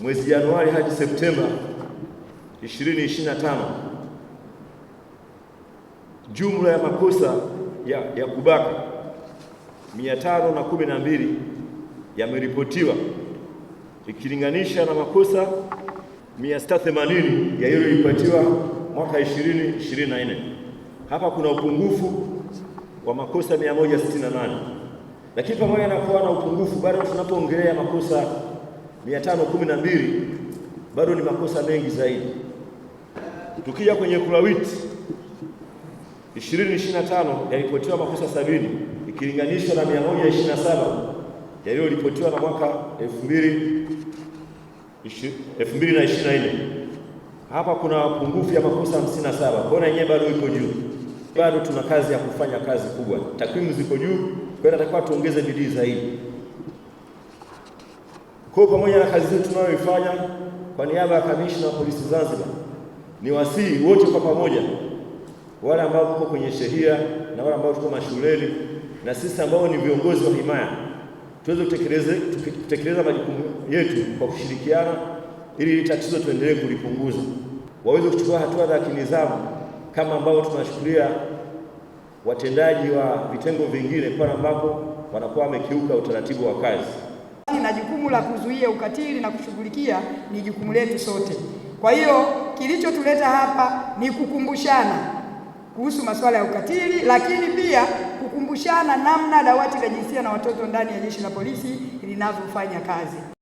mwezi Januari hadi Septemba 2025 jumla ya makosa ya, ya kubaka 512 yameripotiwa ikilinganisha na makosa 680 yaliyoripotiwa mwaka 2024. Hapa kuna upungufu wa makosa 168, lakini pamoja na kuwa na upungufu bado tunapoongelea makosa 512 bado ni makosa mengi zaidi. Tukija kwenye kulawiti 2025 yalipotiwa makosa sabini ikilinganishwa na 127 yaliyoripotiwa na mwaka 2024. Hapa kuna pungufu ya makosa 57. Kwaona yenyewe bado iko juu, bado tuna kazi ya kufanya, kazi kubwa. Takwimu ziko juu, kwa hiyo natakiwa tuongeze bidii zaidi. Kwa pamoja na kazi zetu tunayoifanya kwa niaba ya kamishna wa polisi Zanzibar, ni wasihi wote kwa pamoja, wale ambao tuko kwenye shehia na wale ambao tuko mashuleni na sisi ambao ni viongozi wa himaya, tuweze kutekeleza majukumu yetu kwa kushirikiana, ili ili tatizo tuendelee kulipunguza, waweze kuchukua hatua za kinidhamu kama ambao tunashukulia watendaji wa vitengo vingine pale ambapo wanakuwa wamekiuka utaratibu wa kazi na jukumu la kuzuia ukatili na kushughulikia ni jukumu letu sote. Kwa hiyo kilichotuleta hapa ni kukumbushana kuhusu masuala ya ukatili, lakini pia kukumbushana namna dawati la jinsia na watoto ndani ya jeshi la polisi linavyofanya kazi.